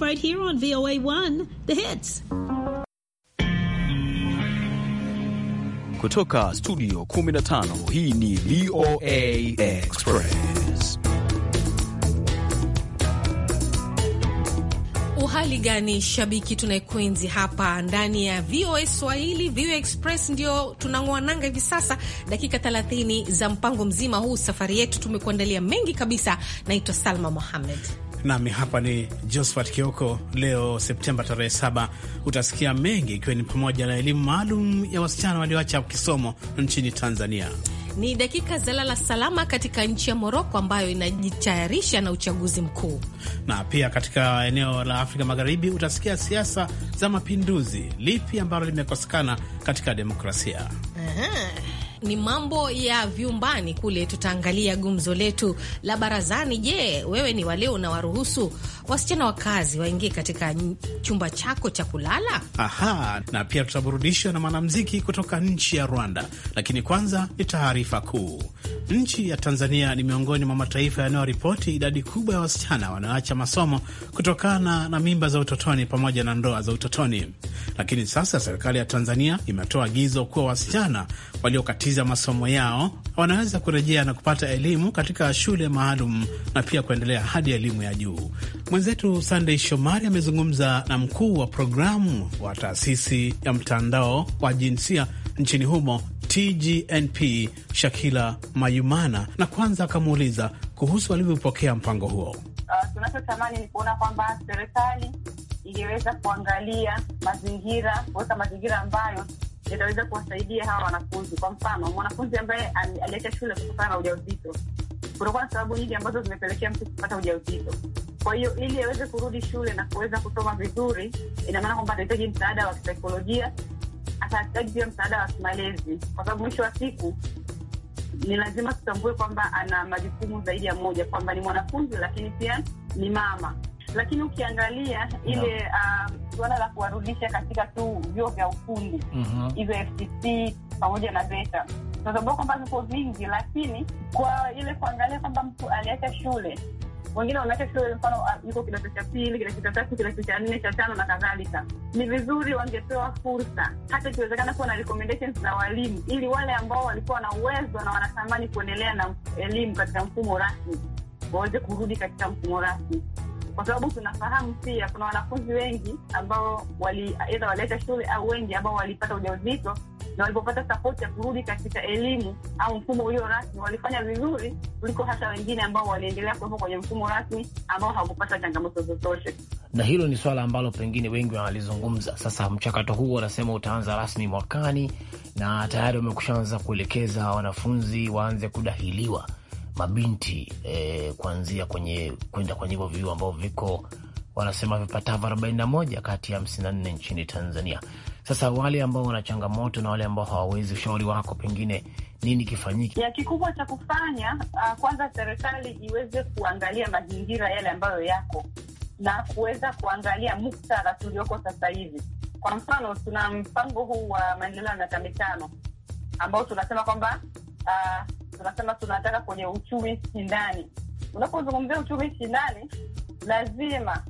Right here on VOA1, the hits. Kutoka studio 15, hii ni VOA Express. Uhali gani shabiki tunayekuenzi hapa ndani ya VOA Swahili. VOA Express ndio tunang'oa nanga hivi sasa, dakika 30 za mpango mzima huu. Safari yetu tumekuandalia mengi kabisa. Naitwa Salma Mohamed nami hapa ni Josephat Kioko. Leo Septemba tarehe saba utasikia mengi, ikiwa ni pamoja na elimu maalum ya wasichana walioacha kisomo nchini Tanzania, ni dakika za lala salama katika nchi ya Moroko ambayo inajitayarisha na uchaguzi mkuu, na pia katika eneo la Afrika Magharibi utasikia siasa za mapinduzi, lipi ambalo limekosekana katika demokrasia. Aha ni mambo ya vyumbani kule. Tutaangalia gumzo letu la barazani. Je, wewe ni wale unawaruhusu wasichana wa kazi waingie katika chumba chako cha kulala? Aha, na pia tutaburudishwa na mwanamuziki kutoka nchi ya Rwanda, lakini kwanza ni taarifa kuu. Nchi ya Tanzania ni miongoni mwa mataifa yanayoripoti idadi kubwa ya wasichana wanaoacha masomo kutokana na mimba za utotoni pamoja na ndoa za utotoni. Lakini sasa serikali ya Tanzania imetoa agizo kuwa wasichana waliokatiza masomo yao wanaweza kurejea na kupata elimu katika shule maalum na pia kuendelea hadi elimu ya juu. Mwenzetu Sandey Shomari amezungumza na mkuu wa programu wa taasisi ya mtandao wa jinsia nchini humo TGNP Shakila Mayumana, na kwanza akamuuliza kuhusu alivyopokea mpango huo. Uh, tunachotamani ni kuona kwamba serikali iliweza kuangalia mazingira, kuweka mazingira ambayo yataweza kuwasaidia hawa wanafunzi. Kwa mfano, mwanafunzi ambaye aliacha shule kutokana na ujauzito, kutokuwa na sababu nyingi ambazo zimepelekea mtu kupata ujauzito. Kwa hiyo ili aweze kurudi shule na kuweza kusoma vizuri, ina maana kwamba atahitaji msaada wa kisaikolojia atahitaji pia msaada wa kimalezi, kwa sababu mwisho wa siku ni lazima tutambue kwamba ana majukumu zaidi ya moja, kwamba ni mwanafunzi lakini pia ni mama. Lakini ukiangalia ile ah, suala uh, la kuwarudisha katika tu vyuo vya ufundi mm-hmm. hizo mm -hmm. FCC pamoja na VETA tunatambua kwamba viko vingi, lakini kwa ile kuangalia kwamba mtu aliacha shule wengine wanaacha shule, mfano ah, yuko kidato cha pili, kidato cha tatu, kidato cha nne, cha tano na kadhalika. Ni vizuri wangepewa fursa, hata ikiwezekana kuwa na recommendations za walimu, ili wale ambao walikuwa na uwezo na wanatamani kuendelea na elimu katika mfumo rasmi waweze kurudi katika mfumo rasmi, kwa sababu tunafahamu pia kuna wanafunzi wengi ambao wali aidha waliacha shule au wengi ambao walipata ujauzito na walipopata sapoti ya kurudi katika elimu au mfumo ulio rasmi walifanya vizuri kuliko hata wengine ambao waliendelea kuwepo kwenye mfumo rasmi ambao hawakupata changamoto zozote. Na hilo ni swala ambalo pengine wengi wanalizungumza. Sasa mchakato huu wanasema utaanza rasmi mwakani, na tayari wamekushaanza kuelekeza wanafunzi waanze kudahiliwa mabinti eh, kuanzia kwenye kwenda kwenye hivyo vyuo ambavyo viko wanasema vipatavyo 41 kati ya 54 nchini Tanzania. Sasa wale ambao wana changamoto na wale ambao hawawezi, ushauri wako pengine nini kifanyike? Ya kikubwa cha kufanya uh, kwanza serikali iweze kuangalia mazingira yale ambayo yako na kuweza kuangalia muktadha tulioko sasa hivi. Kwa mfano, tuna mpango huu wa maendeleo ya miaka mitano ambao tunasema kwamba uh, tunasema tunataka kwenye uchumi shindani. Unapozungumzia uchumi shindani, lazima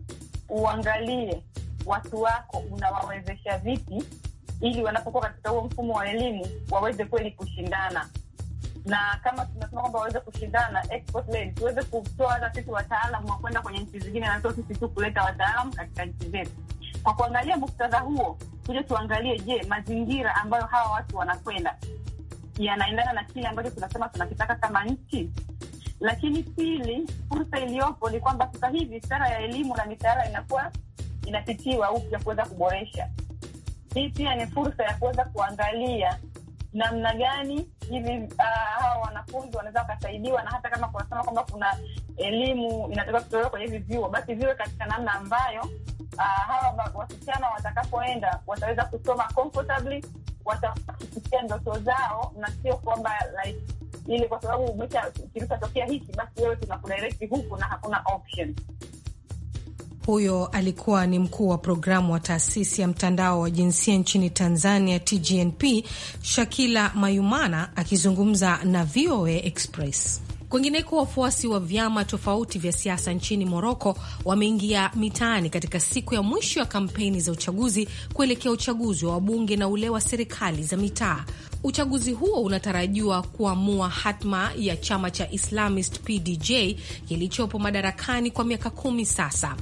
uangalie watu wako unawawezesha vipi ili wanapokuwa katika huo mfumo wa elimu waweze kweli kushindana, na kama tunasema kwamba waweze kushindana export led, tuweze kutoa hata sisi wataalam wa kwenda kwenye nchi zingine, na sio sisi tu kuleta wataalam katika nchi zetu. Kwa kuangalia muktadha huo, tuje tuangalie, je, mazingira ambayo hawa watu wanakwenda yanaendana na kile ambacho tunasema tunakitaka kama nchi. Lakini pili, fursa iliyopo ni kwamba sasa hivi sera ya elimu na mitaala inakuwa inapitiwa upya kuweza kuboresha. Hii pia ni fursa ya kuweza kuangalia namna gani hivi ah, hawa uh, wanafunzi wanaweza wakasaidiwa, na hata kama kunasema kwamba kuna elimu inatakiwa kutolewa kwenye hivi vyuo, basi viwe katika namna ambayo uh, hawa wasichana watakapoenda wataweza kusoma comfortably, watafikia ndoto zao, na sio kwamba like, ili kwa sababu umesha kilishatokea hiki, basi wewe tunakudirect huku na hakuna option huyo alikuwa ni mkuu wa programu wa taasisi ya mtandao wa jinsia nchini Tanzania, TGNP, Shakila Mayumana akizungumza na VOA Express. Kwingineko, wafuasi wa vyama tofauti vya siasa nchini Moroko wameingia mitaani katika siku ya mwisho ya kampeni za uchaguzi kuelekea uchaguzi wa wabunge na ule wa serikali za mitaa. Uchaguzi huo unatarajiwa kuamua hatma ya chama cha Islamist PDJ kilichopo madarakani kwa miaka kumi sasa.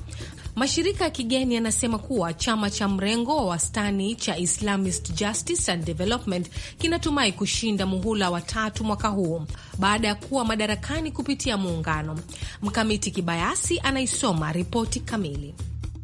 Mashirika ya kigeni yanasema kuwa chama cha mrengo wa wastani cha Islamist Justice and Development kinatumai kushinda muhula wa tatu mwaka huu baada ya kuwa madarakani kupitia muungano. Mkamiti Kibayasi anaisoma ripoti kamili.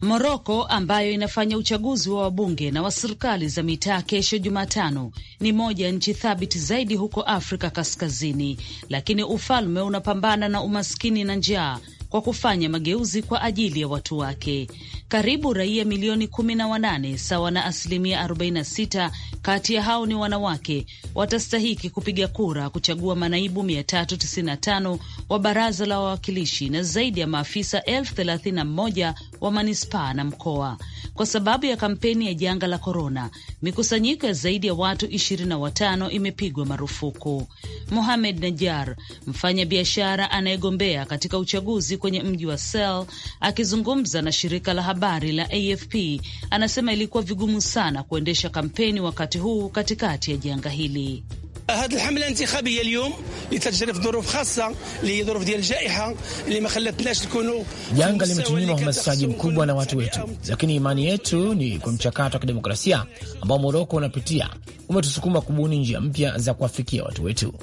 Moroko ambayo inafanya uchaguzi wa wabunge na wa serikali za mitaa kesho Jumatano ni moja ya nchi thabiti zaidi huko Afrika Kaskazini, lakini ufalme unapambana na umaskini na njaa kwa kufanya mageuzi kwa ajili ya watu wake. Karibu raia milioni kumi na wanane sawa na asilimia 46 kati ya hao ni wanawake watastahiki kupiga kura kuchagua manaibu 395 wa baraza la wawakilishi na zaidi ya maafisa elfu thelathini na moja wa manispaa na mkoa. Kwa sababu ya kampeni ya janga la korona, mikusanyiko ya zaidi ya watu ishirini na watano imepigwa marufuku. Mohamed Najar, mfanya biashara anayegombea katika uchaguzi kwenye mji wa Sel, akizungumza na shirika la habari la AFP, anasema ilikuwa vigumu sana kuendesha kampeni wakati huu katikati ya janga hili. هذه الحمله الانتخابيه اليوم اللي تجري في ظروف خاصه اللي هي ظروف ديال الجائحه اللي ما خلتناش تكونوا janga limetunyima uhamasishaji mkubwa na watu wetu, lakini imani yetu ni kwa mchakato wa kidemokrasia ambao Moroko unapitia umetusukuma kubuni njia mpya za kuwafikia watu wetu.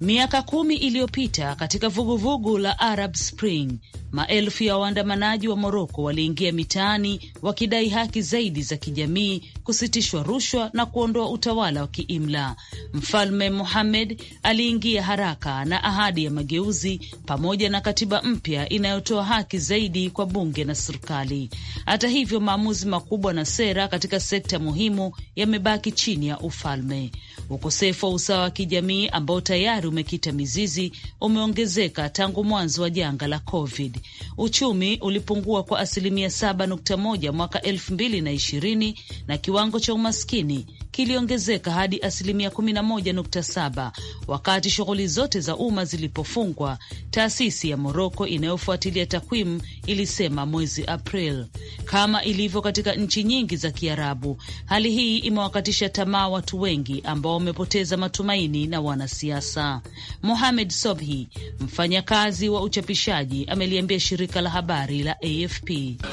Miaka kumi iliyopita katika vuguvugu vugu la Arab Spring, maelfu ya waandamanaji wa Moroko waliingia mitaani wakidai haki zaidi za kijamii, kusitishwa rushwa na kuondoa utawala wa kiimla. Mfalme Mohamed aliingia haraka na ahadi ya mageuzi pamoja na katiba mpya inayotoa haki zaidi kwa bunge na serikali. Hata hivyo, maamuzi makubwa na sera katika sekta muhimu yamebaki chini ya ufalme. Ukosefu wa usawa wa kijamii ambao tayari umekita mizizi umeongezeka tangu mwanzo wa janga la COVID. Uchumi ulipungua kwa asilimia 7.1 mwaka 2020 na kiwango cha umaskini kiliongezeka hadi asilimia 11.7 wakati shughuli zote za umma zilipofungwa, taasisi ya Moroko inayofuatilia takwimu ilisema mwezi April. Kama ilivyo katika nchi nyingi za Kiarabu, hali hii imewakatisha tamaa watu wengi ambao wamepoteza matumaini na wanasiasa. Mohamed Sobhi, mfanyakazi wa uchapishaji, ameliambia shirika la habari la AFP, eh,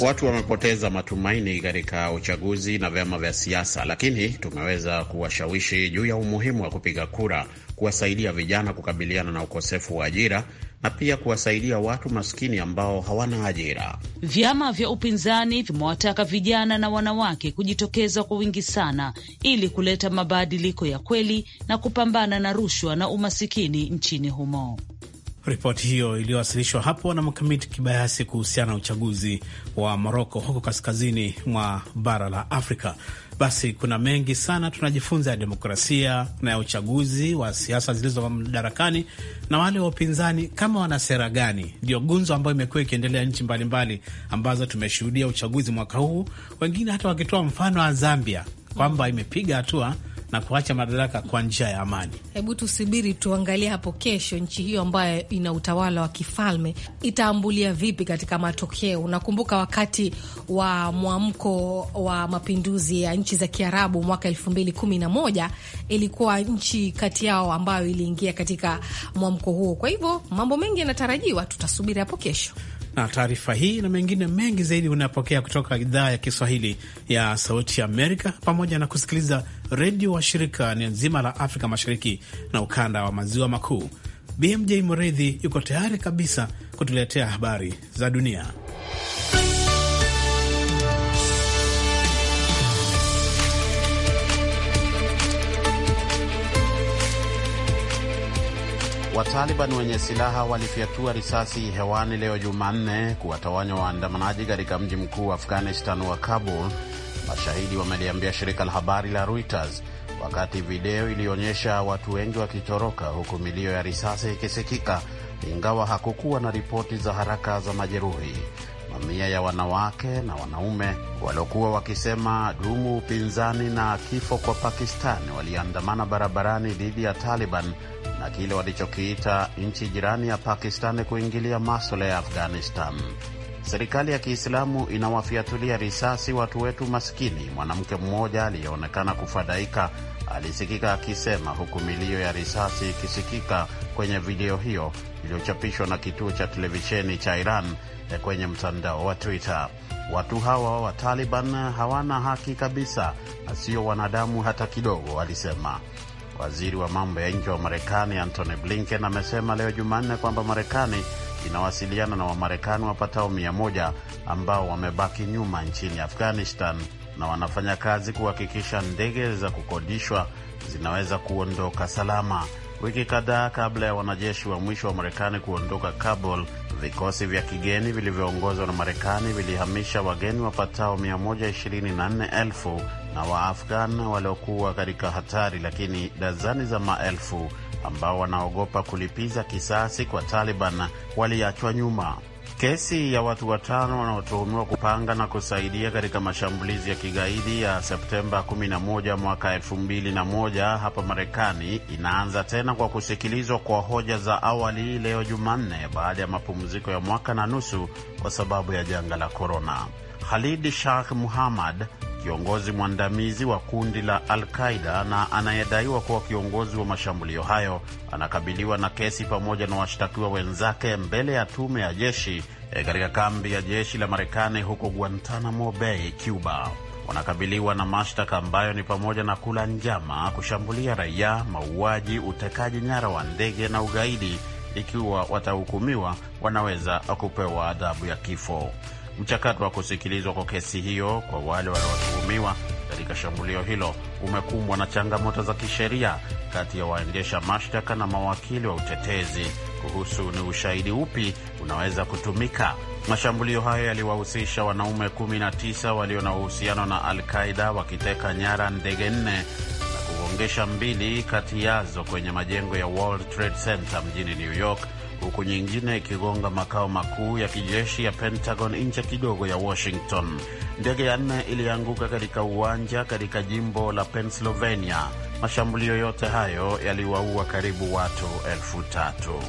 watu wamepoteza matumaini katika uchaguzi na vyama vya siasa, lakini tumeweza kuwashawishi juu ya umuhimu wa kupiga kura, kuwasaidia vijana kukabiliana na ukosefu wa ajira na pia kuwasaidia watu maskini ambao hawana ajira. Vyama vya upinzani vimewataka vijana na wanawake kujitokeza kwa wingi sana ili kuleta mabadiliko ya kweli na kupambana na rushwa na umasikini nchini humo. Ripoti hiyo iliyowasilishwa hapo na Mkamiti Kibayasi kuhusiana na uchaguzi wa Moroko huko kaskazini mwa bara la Afrika. Basi kuna mengi sana tunajifunza ya demokrasia na ya uchaguzi wa siasa zilizo madarakani na wale wa upinzani, kama wana sera gani. Ndio gunzo ambayo imekuwa ikiendelea nchi mbalimbali ambazo tumeshuhudia uchaguzi mwaka huu, wengine hata wakitoa mfano wa Zambia kwamba imepiga hatua na kuacha madaraka kwa njia ya amani. Hebu tusubiri tuangalie hapo kesho, nchi hiyo ambayo ina utawala wa kifalme itaambulia vipi katika matokeo. Unakumbuka wakati wa mwamko wa mapinduzi ya nchi za Kiarabu mwaka elfu mbili kumi na moja ilikuwa nchi kati yao ambayo iliingia katika mwamko huo. Kwa hivyo mambo mengi yanatarajiwa, tutasubiri hapo kesho na taarifa hii na mengine mengi zaidi unapokea kutoka idhaa ya Kiswahili ya Sauti ya Amerika, pamoja na kusikiliza redio wa shirika ni nzima la Afrika Mashariki na ukanda wa maziwa makuu. BMJ Muredhi yuko tayari kabisa kutuletea habari za dunia. Wataliban wenye silaha walifyatua risasi hewani leo Jumanne kuwatawanya waandamanaji katika mji mkuu wa Afghanistan wa Kabul, mashahidi wameliambia shirika la habari la Reuters, wakati video ilionyesha watu wengi wakitoroka huku milio ya risasi ikisikika, ingawa hakukuwa na ripoti za haraka za majeruhi mamia ya wanawake na wanaume waliokuwa wakisema dumu upinzani na kifo kwa Pakistani waliandamana barabarani dhidi ya Taliban na kile walichokiita nchi jirani ya Pakistani kuingilia maswala ya Afghanistan. Serikali ya Kiislamu inawafiatulia risasi watu wetu maskini, mwanamke mmoja aliyeonekana kufadhaika alisikika akisema, huku milio ya risasi ikisikika kwenye video hiyo iliyochapishwa na kituo cha televisheni cha Iran kwenye mtandao wa Twitter. Watu hawa wa Taliban hawana haki kabisa na sio wanadamu hata kidogo, walisema. Waziri wa mambo ya nje wa Marekani Antony Blinken amesema leo Jumanne kwamba Marekani inawasiliana na Wamarekani wapatao mia moja ambao wamebaki nyuma nchini Afghanistan na wanafanya kazi kuhakikisha ndege za kukodishwa zinaweza kuondoka salama Wiki kadhaa kabla ya wanajeshi wa mwisho wa Marekani kuondoka Kabul, vikosi vya kigeni vilivyoongozwa na Marekani vilihamisha wageni wapatao 124,000 na Waafghan waliokuwa katika hatari, lakini dazani za maelfu ambao wanaogopa kulipiza kisasi kwa Taliban waliachwa nyuma. Kesi ya watu watano wanaotuhumiwa kupanga na kusaidia katika mashambulizi ya kigaidi ya Septemba 11 mwaka 2001 hapa Marekani inaanza tena kwa kusikilizwa kwa hoja za awali leo Jumanne baada ya mapumziko ya mwaka na nusu kwa sababu ya janga la korona. Khalid Sheikh Muhammad kiongozi mwandamizi wa kundi la Al-Qaida na anayedaiwa kuwa kiongozi wa mashambulio hayo anakabiliwa na kesi pamoja na washtakiwa wenzake mbele ya tume ya jeshi eh, katika kambi ya jeshi la Marekani huko Guantanamo Bay, Cuba. Wanakabiliwa na mashtaka ambayo ni pamoja na kula njama, kushambulia raia, mauaji, utekaji nyara wa ndege na ugaidi. Ikiwa watahukumiwa, wanaweza kupewa adhabu ya kifo. Mchakato wa kusikilizwa kwa kesi hiyo kwa wale wanaotuhumiwa katika shambulio hilo umekumbwa na changamoto za kisheria kati ya waendesha mashtaka na mawakili wa utetezi kuhusu ni ushahidi upi unaweza kutumika. Mashambulio hayo yaliwahusisha wanaume 19 walio na uhusiano na Al-Qaida wakiteka nyara ndege nne na kugongesha mbili kati yazo kwenye majengo ya World Trade Center mjini New York huku nyingine ikigonga makao makuu ya kijeshi ya Pentagon nje kidogo ya Washington. Ndege ya nne ilianguka katika uwanja katika jimbo la Pennsylvania. Mashambulio yote hayo yaliwaua karibu watu elfu tatu.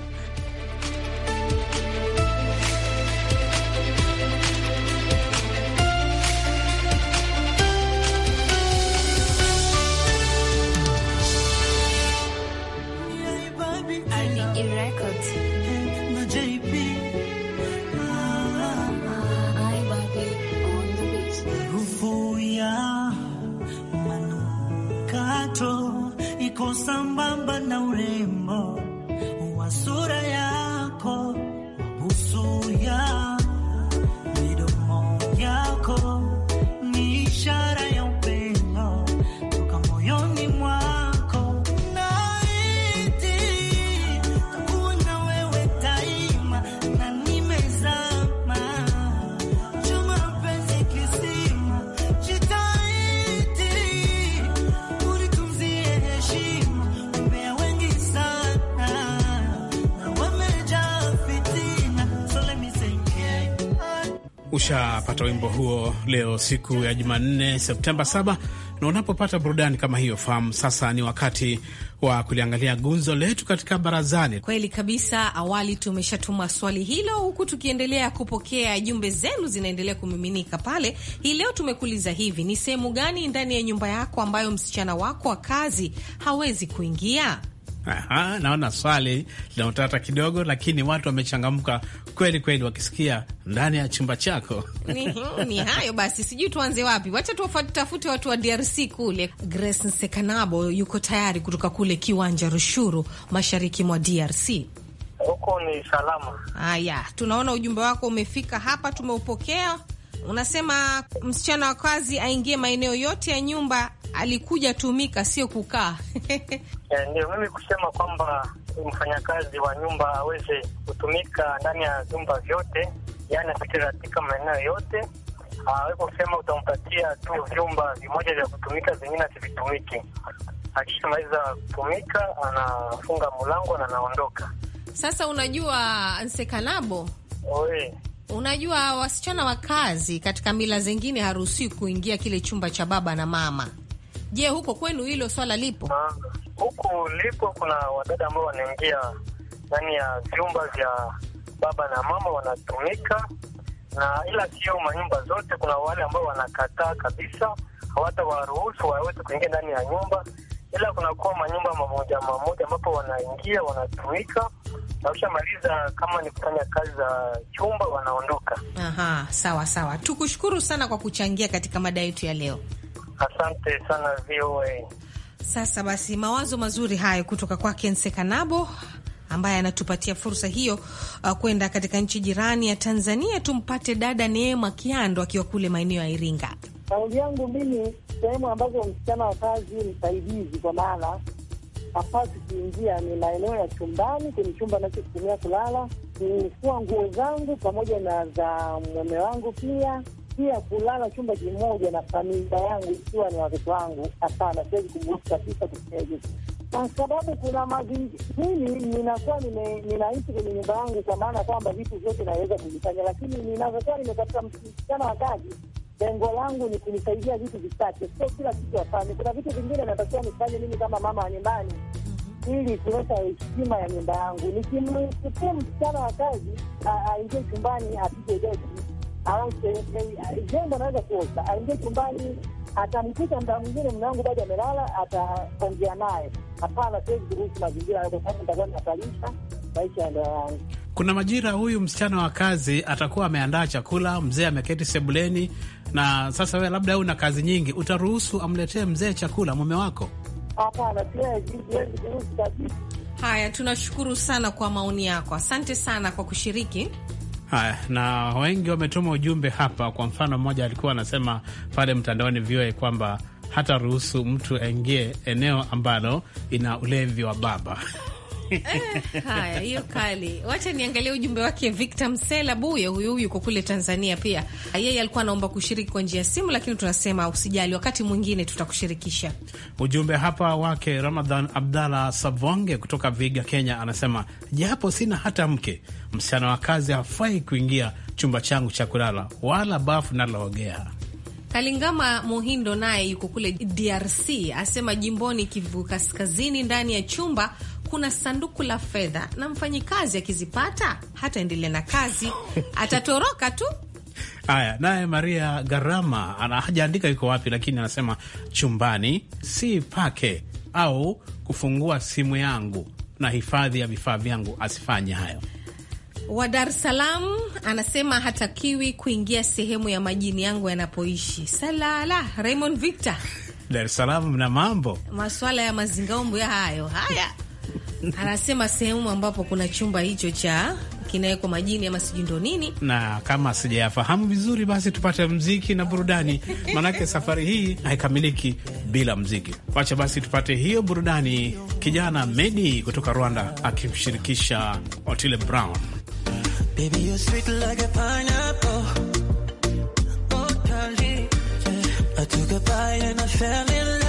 unapata wimbo huo leo siku ya Jumanne, Septemba 7, na unapopata burudani kama hiyo, fahamu sasa ni wakati wa kuliangalia gunzo letu katika barazani. Kweli kabisa, awali tumeshatuma swali hilo, huku tukiendelea kupokea jumbe zenu, zinaendelea kumiminika pale. Hii leo tumekuuliza hivi, ni sehemu gani ndani ya nyumba yako ambayo msichana wako wa kazi hawezi kuingia? Aha, naona swali linaotata kidogo, lakini watu wamechangamka kweli kweli wakisikia ndani ya chumba chako. Ni, ni hayo basi, sijui tuanze wapi. Wacha tuwatafute watu wa DRC kule. Grace Nsekanabo yuko tayari kutoka kule kiwanja Rushuru, mashariki mwa DRC. Huko ni salama. Haya, tunaona ujumbe wako umefika hapa, tumeupokea. Unasema msichana wa kazi aingie maeneo yote ya nyumba alikuja tumika, sio kukaa. Eh, ndio mimi kusema kwamba mfanyakazi wa nyumba aweze kutumika ndani ya vyumba vyote, yani apite katika maeneo yote. Aweko kusema utampatia tu vyumba vimoja vya kutumika, vingine asivitumike. Akishamaliza kutumika, anafunga mlango na anaondoka. Sasa unajua Nsekanabo, Unajua wasichana wa kazi katika mila zingine haruhusiwi kuingia kile chumba cha baba na mama Je, huko kwenu hilo swala lipo? Ma, ah, huku lipo, kuna wadada ambao wanaingia ndani ya vyumba vya baba na mama wanatumika na, ila sio manyumba zote. Kuna wale ambao wanakataa kabisa, waruhusu waweze kuingia ndani ya nyumba, ila kunakuwa manyumba mamoja mamoja ambapo wanaingia wanatumika wakishamaliza kama ni kufanya kazi za chumba wanaondoka. Aha, sawa sawa, tukushukuru sana kwa kuchangia katika mada yetu ya leo. Asante sana VOA. Sasa basi, mawazo mazuri hayo kutoka kwake Nsekanabo ambaye anatupatia fursa hiyo uh, kwenda katika nchi jirani ya Tanzania. Tumpate dada Neema Kiando akiwa kule maeneo ya Iringa. Kauli yangu mimi, sehemu ambazo msichana wa kazi msaidizi, kwa maana hapasi kuingia ni maeneo ya chumbani, kwenye chumba anachokitumia kulala, kufua nguo zangu pamoja na za mume wangu pia pia kulala chumba kimoja na familia yangu, ikiwa ni watoto wangu, hapana, siwezi kuburutu kabisa kufanya hivyo, kwa sababu kuna mazingira. Mimi ninakuwa ninaishi kwenye nyumba yangu, kwa maana kwamba vitu vyote naweza kuvifanya, lakini ninavyokuwa nimepata msichana wa kazi lengo langu ni kunisaidia vitu vichache, sio kila kitu afanye. Kuna vitu vingine natakiwa nifanye mimi kama mama wa nyumbani, ili kuleta heshima ya nyumba yangu. Nikimsukuu msichana wa kazi aingie chumbani apige deki au jembo anaweza kuosa, aingie chumbani, atamkuta mda mwingine mume wangu bado amelala, ataongea naye. Hapana, siwezi kuruhusu mazingira hayo, kwa sababu nitakuwa natalisha maisha ya ndoa yangu. Kuna majira huyu msichana wa kazi atakuwa ameandaa chakula, mzee ameketi sebuleni, na sasa wewe labda una kazi nyingi, utaruhusu amletee mzee chakula mume wako? Hapana, siwezi, siwezi kuruhusu kabisa. Haya, tunashukuru sana kwa maoni yako, asante sana kwa kushiriki. Haya, na wengi wametuma ujumbe hapa. Kwa mfano, mmoja alikuwa anasema pale mtandaoni VOA kwamba hata ruhusu mtu aingie eneo ambalo ina ulevi wa baba Eh, haya, hiyo kali. Wacha niangalie ujumbe wake Victor Msela Buye, huyu huyu yuko kule Tanzania pia. Yeye alikuwa anaomba kushiriki kwa njia ya simu, lakini tunasema usijali, wakati mwingine tutakushirikisha. Ujumbe hapa wake Ramadhan Abdalla Savonge kutoka Viga, Kenya, anasema japo sina hata mke, msichana wa kazi hafai kuingia chumba changu cha kulala wala bafu naloogea. Kalingama Muhindo naye yuko kule DRC asema jimboni Kivu Kaskazini, ndani ya chumba kuna sanduku la fedha, na mfanyikazi akizipata hataendelea na kazi, atatoroka tu. Haya, naye Maria garama hajaandika yuko wapi, lakini anasema chumbani si pake au kufungua simu yangu na hifadhi ya vifaa vyangu, asifanye hayo. Wa Dar es Salaam anasema hatakiwi kuingia sehemu ya majini yangu yanapoishi. Salala Raymond Victor, Dar es Salaam na mambo, maswala ya ya hayo haya anasema sehemu ambapo kuna chumba hicho cha kinawekwa majini ama sijui ndo nini, na kama sijayafahamu vizuri, basi tupate mziki na burudani, maanake safari hii haikamiliki bila mziki. Wacha basi tupate hiyo burudani, kijana Medi kutoka Rwanda akimshirikisha Otile Brown. Baby, you're sweet like a pineapple. Oh, darling, yeah. I took a bite and I fell in love.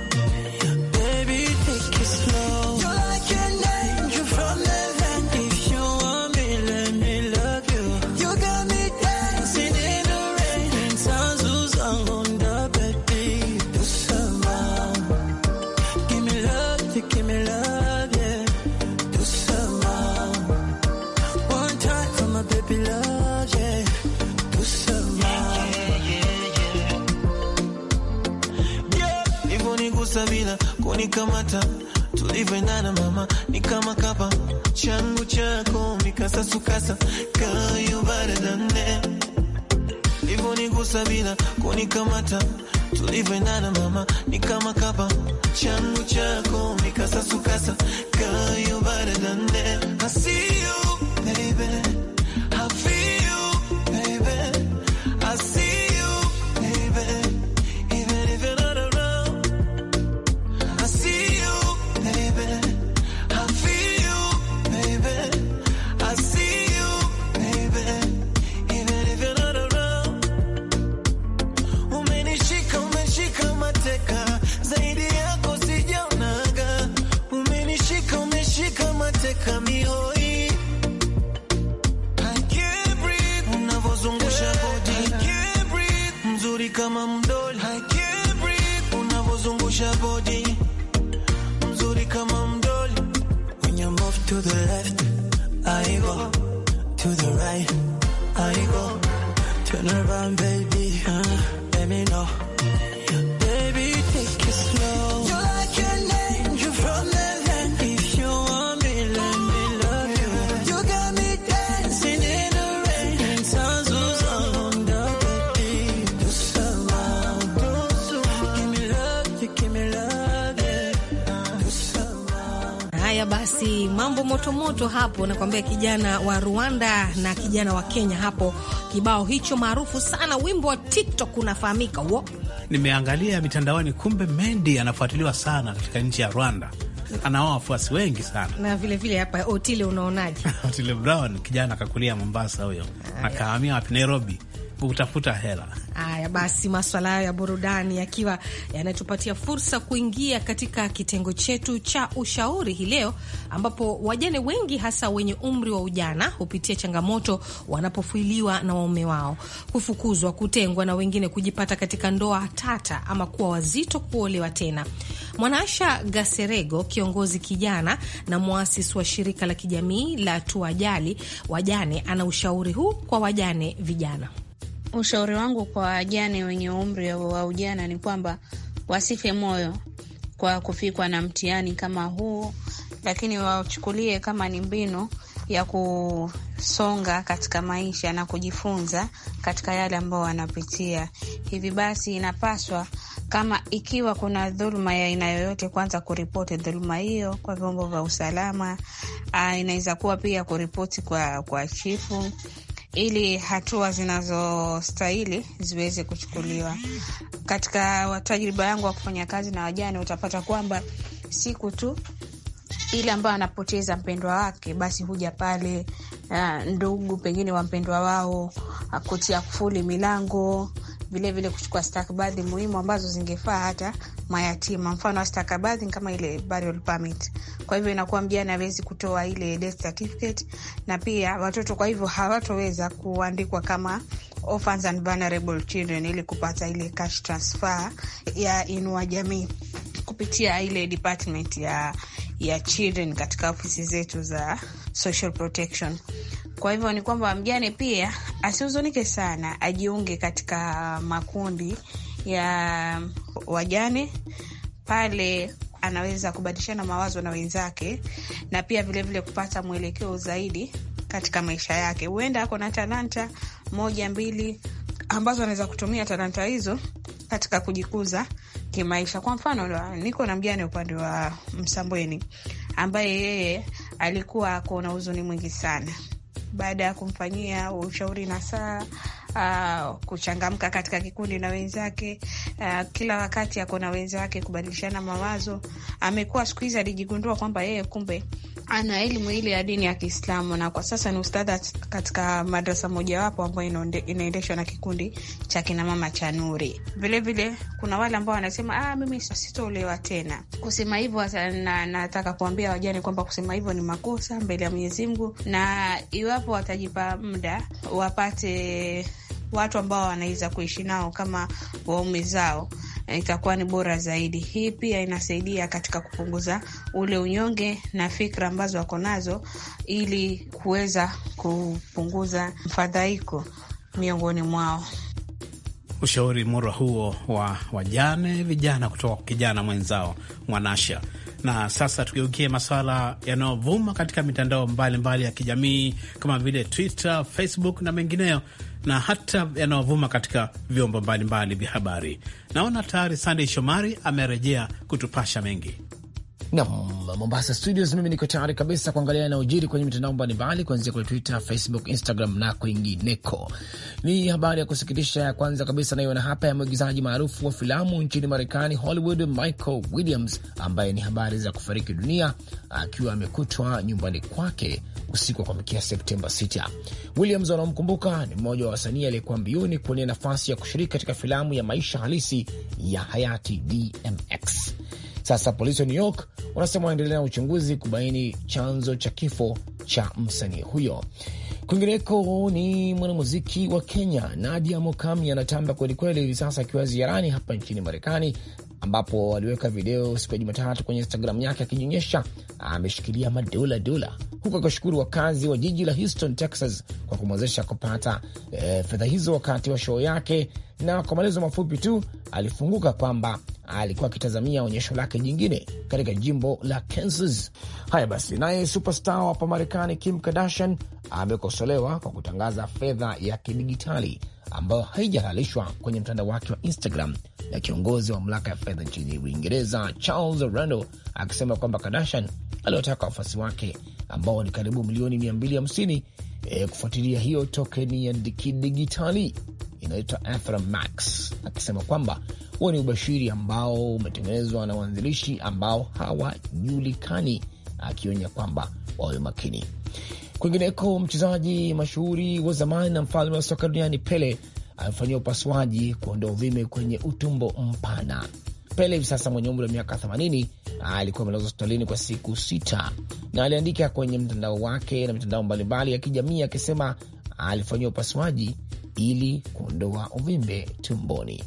wanikamata, tulivyoendana mama ni kama kapa changu chako mikasasukasa kayo baradane livyonigusa bila kunikamata, tulivyoendana mama ni kama kapa changu chako Basi mambo motomoto hapo, nakwambia kijana wa Rwanda na kijana wa Kenya hapo, kibao hicho maarufu sana, wimbo wa TikTok unafahamika huo nimeangalia mitandaoni, kumbe Mendi anafuatiliwa sana katika nchi ya Rwanda, anao wafuasi wengi sana na vilevile hapa. Otile unaonaje? Otile Brown kijana akakulia Mombasa huyo, akahamia wapi? Nairobi kutafuta hela. Haya basi, maswala hayo ya burudani yakiwa yanatupatia fursa kuingia katika kitengo chetu cha ushauri hii leo, ambapo wajane wengi hasa wenye umri wa ujana hupitia changamoto wanapofuiliwa na waume wao, kufukuzwa, kutengwa na wengine kujipata katika ndoa tata ama kuwa wazito kuolewa tena. Mwanaasha Gaserego, kiongozi kijana na mwasisi wa shirika la kijamii la Tuajali Wajane, ana ushauri huu kwa wajane vijana ushauri wangu kwa wajane wenye umri wa ujana ni kwamba wasife moyo kwa kufikwa na mtihani kama huu, lakini wachukulie kama ni mbinu ya kusonga katika maisha na kujifunza katika yale ambayo wanapitia. Hivi basi, inapaswa kama ikiwa kuna dhuluma ya aina yoyote, kwanza kuripoti dhuluma hiyo kwa vyombo vya usalama. Ah, inaweza kuwa pia kuripoti kwa, kwa chifu ili hatua zinazostahili ziweze kuchukuliwa. Katika tajriba yangu wa kufanya kazi na wajane, utapata kwamba siku tu ile ambayo anapoteza mpendwa wake, basi huja pale uh, ndugu pengine wa mpendwa wao ah, kutia kufuli milango vilevile kuchukua stakabadhi muhimu ambazo zingefaa hata mayatima, mfano stakabadhi kama ile burial permit. Kwa hivyo inakuwa mjane hawezi kutoa ile death certificate, na pia watoto, kwa hivyo hawatoweza kuandikwa kama orphans and vulnerable children ili kupata ile cash transfer ya Inua Jamii kupitia ile department ya ya children katika ofisi zetu za social protection. Kwa hivyo ni kwamba mjane pia asihuzunike sana, ajiunge katika makundi ya wajane pale anaweza kubadilishana mawazo na wenzake na pia vilevile vile kupata mwelekeo zaidi katika maisha yake. Huenda ako na talanta moja mbili ambazo anaweza kutumia talanta hizo katika kujikuza kimaisha. Kwa mfano, niko na mjane upande wa Msambweni ambaye yeye alikuwa ako na huzuni mwingi sana baada ya kumfanyia ushauri na saa Uh, kuchangamka katika kikundi na wenzake uh, kila wakati ako na wenzake kubadilishana mawazo. Amekuwa siku hizi alijigundua kwamba yeye kumbe ana elimu ile ya dini ya Kiislamu na kwa sasa ni ustadha katika madrasa mojawapo ambayo inaendeshwa na kikundi cha kinamama cha Nuri. Vilevile kuna wale ambao wanasema ah, mimi sitolewa tena. Kusema hivyo na, nataka kuambia wajane kwamba kusema hivyo ni makosa mbele ya Mwenyezi Mungu, na iwapo watajipa muda wapate watu ambao wanaweza kuishi nao kama waume zao itakuwa ni bora zaidi. Hii pia inasaidia katika kupunguza ule unyonge na fikra ambazo wako nazo, ili kuweza kupunguza mfadhaiko miongoni mwao. Ushauri mura huo wa wajane vijana kutoka kwa kijana mwenzao Mwanasha. Na sasa tugeukie masuala yanayovuma katika mitandao mbalimbali mbali ya kijamii kama vile Twitter, Facebook na mengineyo na hata yanayovuma katika vyombo mbalimbali vya habari. Naona tayari Sandey Shomari amerejea kutupasha mengi. Nam Mombasa Studios, mimi niko tayari kabisa kuangalia yanayojiri kwenye mitandao mbalimbali, kuanzia kwenye Twitter, Facebook, Instagram na kwingineko. Ni habari ya kusikitisha ya kwanza kabisa naiona hapa ya mwigizaji maarufu wa filamu nchini Marekani, Hollywood, Michael Williams, ambaye ni habari za kufariki dunia akiwa amekutwa nyumbani kwake usiku wa kuamkia Septemba 6. Williams wanaomkumbuka ni mmoja wa wasanii aliyekuwa mbioni kuonia nafasi ya kushiriki katika filamu ya maisha halisi ya hayati DMX. Sasa polisi wa New York wanasema waendelea na uchunguzi kubaini chanzo cha kifo cha msanii huyo. Kwingineko ni mwanamuziki wa Kenya Nadia Mukami anatamba kwelikweli hivi sasa akiwa ziarani hapa nchini Marekani, ambapo aliweka video siku ya Jumatatu kwenye Instagram yake akijionyesha ameshikilia madola dola, huku akiwashukuru wakazi wa jiji la Houston, Texas kwa kumwezesha kupata eh, fedha hizo wakati wa shoo yake na kwa maelezo mafupi tu alifunguka kwamba alikuwa akitazamia onyesho lake jingine katika jimbo la Kansas. Haya basi, naye superstar hapa Marekani Kim Kardashian amekosolewa kwa kutangaza fedha ya kidigitali ambayo haijahalalishwa kwenye mtandao wake wa Instagram, na kiongozi wa mamlaka ya fedha nchini Uingereza Charles Randle akisema kwamba Kardashian aliotaka wafuasi wake ambao ni karibu milioni 250 e, eh, kufuatilia hiyo tokeni ya kidigitali inayoitwa Anthrax, akisema kwamba huo ni ubashiri ambao umetengenezwa na waanzilishi ambao hawajulikani, akionya kwamba wawe makini. Kwingineko, mchezaji mashuhuri wa zamani na mfalme wa soka duniani Pele amefanyia upasuaji kuondoa uvime kwenye utumbo mpana. Pele hivi sasa mwenye umri wa miaka 80 alikuwa amelazwa hospitalini kwa siku sita, na aliandika kwenye mtandao wake na mitandao mbalimbali ya kijamii akisema alifanyia upasuaji ili kuondoa uvimbe tumboni.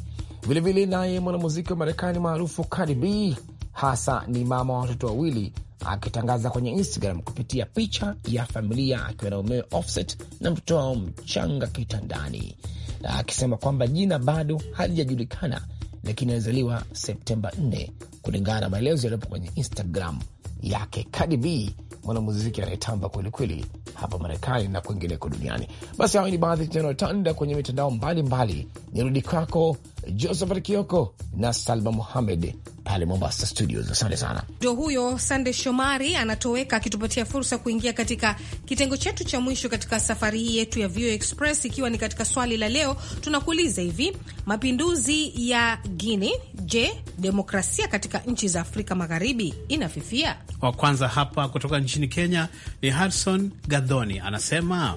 Vilevile naye mwanamuziki wa Marekani maarufu Cardi B hasa ni mama wa watoto wawili akitangaza kwenye Instagram kupitia picha ya familia akiwa na umewe Offset na mtoto wao mchanga kitandani, na akisema kwamba jina bado halijajulikana, lakini alizaliwa Septemba 4 kulingana na maelezo yaliyopo kwenye Instagram yake Cardi B, mwanamuziki anayetamba kwelikweli hapa Marekani na kwingineko duniani. Basi hayo ni baadhi tunayotanda kwenye mitandao mbalimbali. Nirudi kwako Josephat Kioko na Salma Muhamed pale Mombasa studios. Asante sana. Ndo huyo Sande Shomari anatoweka akitupatia fursa kuingia katika kitengo chetu cha mwisho katika safari hii yetu ya VOA Express, ikiwa ni katika swali la leo. Tunakuuliza hivi, mapinduzi ya Guini, je, demokrasia katika nchi za Afrika Magharibi inafifia? Wa kwanza hapa kutoka nchini Kenya ni Harrison Gadhoni, anasema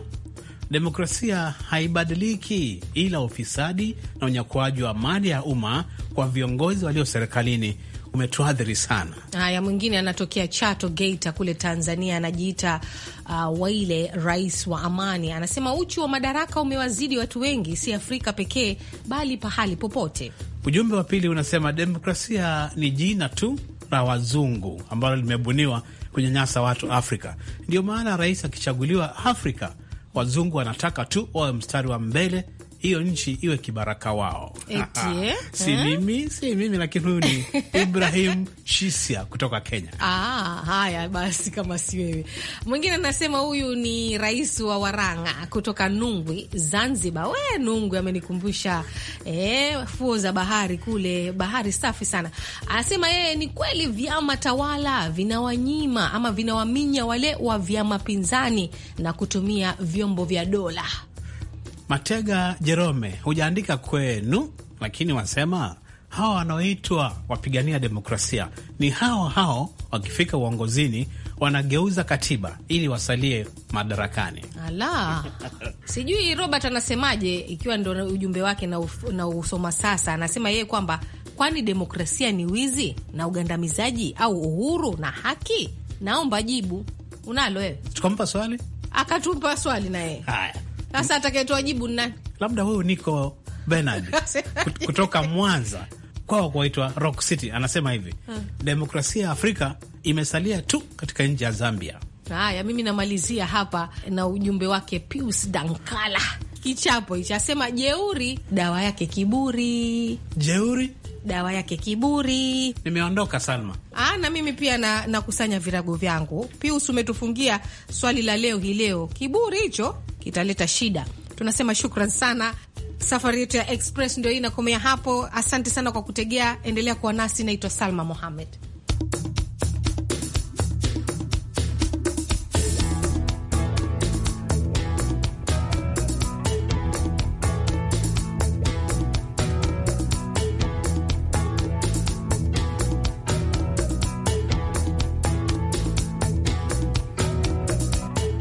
demokrasia haibadiliki, ila ufisadi na unyakuaji wa mali ya umma kwa viongozi walio serikalini umetuadhiri sana. Haya, mwingine anatokea Chato Geita kule Tanzania, anajiita uh, Waile rais wa amani, anasema uchu wa madaraka umewazidi watu wengi, si Afrika pekee bali pahali popote. Ujumbe wa pili unasema demokrasia ni jina tu la wazungu ambalo limebuniwa kunyanyasa watu Afrika, ndio maana rais akichaguliwa Afrika wazungu wanataka tu wawe mstari wa mbele hiyo nchi iwe kibaraka wao. Eti, ah, ah. Eh? si mimi si mimi, lakini huyu ni Ibrahim Shisia kutoka Kenya. Ah, haya basi, kama si wewe mwingine. Anasema huyu ni rais wa Waranga kutoka Nungwi, Zanzibar. We, Nungwi amenikumbusha e, fuo za bahari kule, bahari safi sana. Anasema yeye ni kweli vyama tawala vinawanyima ama vinawaminya wale wa vyama pinzani na kutumia vyombo vya dola Matega Jerome, hujaandika kwenu, lakini wasema hawa wanaoitwa wapigania demokrasia ni hao hao, wakifika uongozini wanageuza katiba ili wasalie madarakani. Ala, sijui Robert anasemaje, ikiwa ndo ujumbe wake na, uf, na usoma sasa. Anasema yeye kwamba kwani demokrasia ni wizi na ugandamizaji au uhuru na haki? Naomba jibu. Unalo wewe? Tukampa swali akatumpa swali naye. Haya, sasa atakayetoa jibu nani? Labda huyu niko Bernard kutoka Mwanza kwao kuwaitwa Rock City anasema hivi hmm, demokrasia ya Afrika imesalia tu katika nchi ya Zambia. Haya, mimi namalizia hapa na ujumbe wake Pius Dankala kichapo hichi, asema jeuri dawa yake kiburi, jeuri dawa yake kiburi. Nimeondoka Salma. Aa, ah, na mimi pia nakusanya na virago vyangu. Pius, umetufungia swali la leo hii leo, kiburi hicho kitaleta shida. Tunasema shukran sana. Safari yetu ya Express ndio hii inakomea hapo. Asante sana kwa kutegea, endelea kuwa nasi. Naitwa Salma Mohamed.